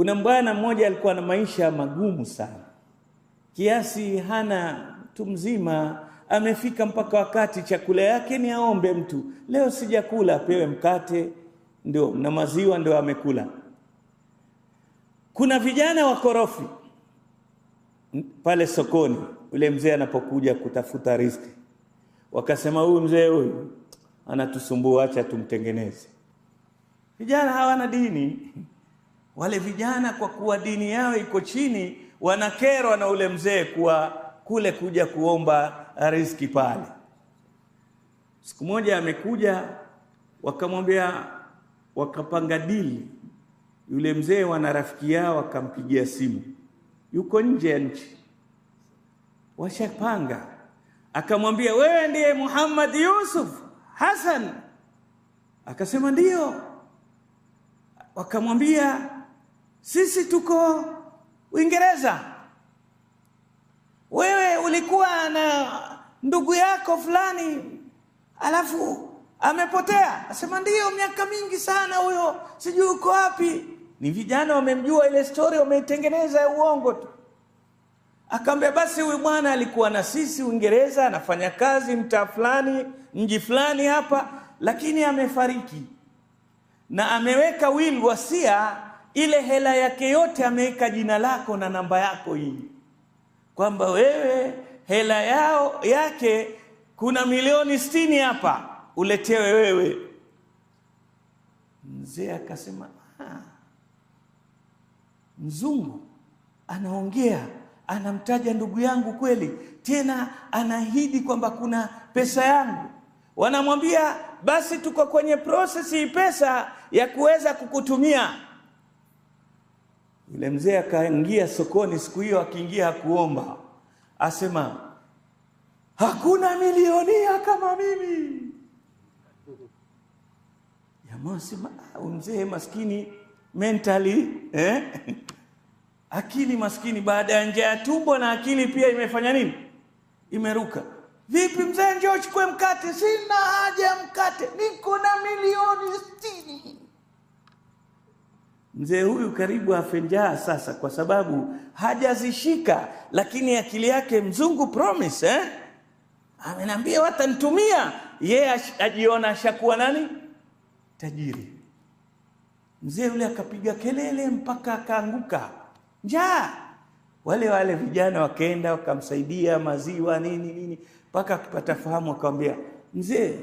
Kuna mbwana mmoja alikuwa na maisha magumu sana, kiasi hana mtu mzima. Amefika mpaka wakati chakula yake ni aombe mtu, leo sijakula, apewe mkate ndio na maziwa ndio amekula. Kuna vijana wakorofi pale sokoni, ule mzee anapokuja kutafuta riziki, wakasema huyu mzee huyu anatusumbua, acha tumtengeneze. Vijana hawana dini wale vijana kwa kuwa dini yao iko chini, wanakerwa na ule mzee kuwa kule kuja kuomba riziki pale. Siku moja amekuja, wakamwambia, wakapanga dili. Yule mzee wana rafiki yao, akampigia simu, yuko nje ya nchi, washapanga. Akamwambia, wewe ndiye Muhammad Yusuf Hassan? Akasema ndio. Wakamwambia sisi tuko Uingereza, wewe ulikuwa na ndugu yako fulani alafu amepotea. Asema ndio miaka mingi sana huyo, sijui uko wapi. Ni vijana wamemjua, ile stori wameitengeneza ya uongo tu. Akaambia basi, huyu bwana alikuwa na sisi Uingereza, anafanya kazi mtaa fulani, mji fulani hapa, lakini amefariki na ameweka will wasia ile hela yake yote ameweka jina lako na namba yako hii, kwamba wewe hela yao yake kuna milioni sitini hapa uletewe wewe. Mzee akasema ah, mzungu anaongea anamtaja ndugu yangu kweli, tena anaahidi kwamba kuna pesa yangu. Wanamwambia basi, tuko kwenye prosesi pesa ya kuweza kukutumia yule mzee akaingia sokoni siku hiyo, akiingia hakuomba, asema hakuna milionia kama mimi. Jamaa sema ah, mzee maskini mentally eh? akili maskini, baada ya njaa ya tumbo na akili pia imefanya nini? Imeruka. Vipi mzee, njoo chukue mkate. Sina haja ya mkate, niko na milioni sitini. Mzee huyu karibu afe njaa sasa, kwa sababu hajazishika, lakini akili yake mzungu promise eh? Amenambia watanitumia yeye, yeah, ajiona ashakuwa nani tajiri. Mzee yule akapiga kelele mpaka akaanguka njaa. Wale wale vijana wakaenda wakamsaidia maziwa nini nini, mpaka akipata fahamu, akamwambia mzee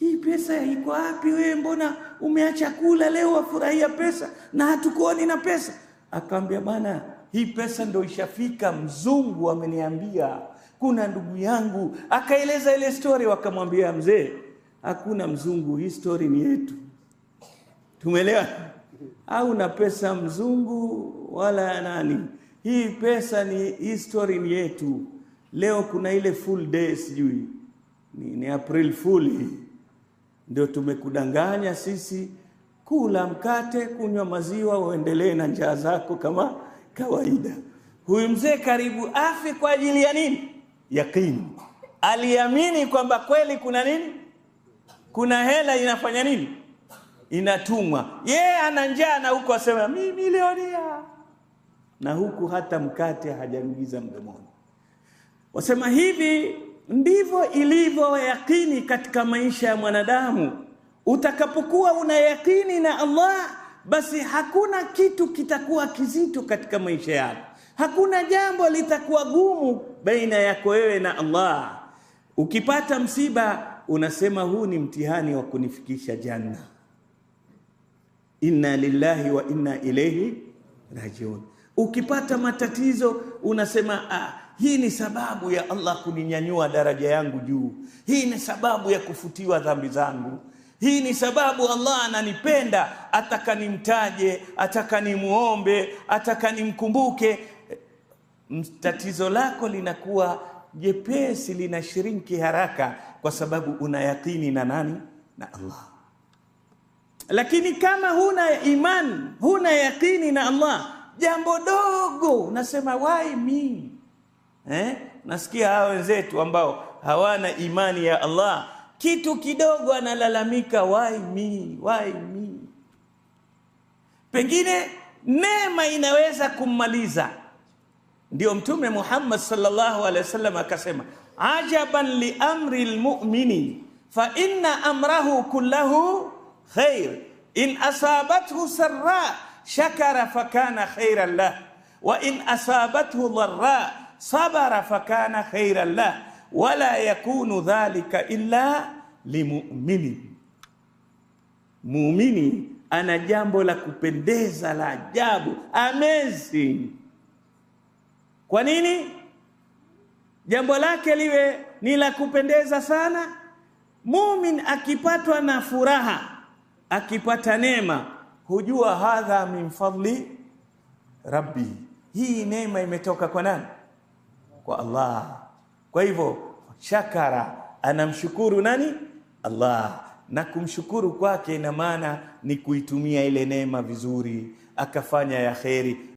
hii pesa iko wapi? Wewe mbona umeacha kula leo wafurahia pesa na hatukuoni na pesa? Akamwambia, bana hii pesa ndo ishafika, mzungu ameniambia, kuna ndugu yangu. Akaeleza ile story, wakamwambia mzee, hakuna mzungu, hii story ni yetu. Tumeelewa au? na pesa mzungu wala nani, hii pesa ni history ni yetu. Leo kuna ile full day, sijui ni, ni April full hii ndio tumekudanganya sisi, kula mkate, kunywa maziwa, uendelee na njaa zako kama kawaida. Huyu mzee karibu afi kwa ajili ya nini? Yakini, aliamini kwamba kweli kuna nini, kuna hela inafanya nini, inatumwa. Yeye ana njaa na huku asema mimi milionia, na huku hata mkate hajaingiza mdomoni. Wasema hivi Ndivyo ilivyo yakini katika maisha ya mwanadamu. Utakapokuwa una yakini na Allah, basi hakuna kitu kitakuwa kizito katika maisha yako, hakuna jambo litakuwa gumu baina yako wewe na Allah. Ukipata msiba unasema huu ni mtihani wa kunifikisha janna. Inna lillahi wa inna ilaihi rajiun. Ukipata matatizo unasema ah, hii ni sababu ya Allah kuninyanyua daraja yangu juu. Hii ni sababu ya kufutiwa dhambi zangu. Hii ni sababu Allah ananipenda, ataka nimtaje, ataka nimuombe, ataka nimkumbuke. Tatizo lako linakuwa jepesi, linashirinki haraka, kwa sababu una yaqini na nani? Na Allah. Lakini kama huna imani, huna yaqini na Allah jambo dogo unasema why me eh? Nasikia hawa wenzetu ambao hawana imani ya Allah, kitu kidogo analalamika why me, why me. Pengine neema inaweza kummaliza. Ndio Mtume Muhammad sallallahu alaihi wasallam akasema, ajaban li amri lmumini fa inna amrahu kullahu khair in asabathu sarra shakara fakana khaira lah wa in asabathu dharra sabara fakana khaira lah wala yakunu dhalika illa limumini Muumini ana jambo la kupendeza la ajabu, amazing. Kwa nini jambo lake liwe ni la kupendeza sana? Mumin akipatwa na furaha, akipata neema hujua hadha min fadli rabbi, hii neema imetoka kwa nani? Kwa Allah. Kwa hivyo shakara, anamshukuru nani? Allah. Na kumshukuru kwake ina maana ni kuitumia ile neema vizuri, akafanya ya kheri.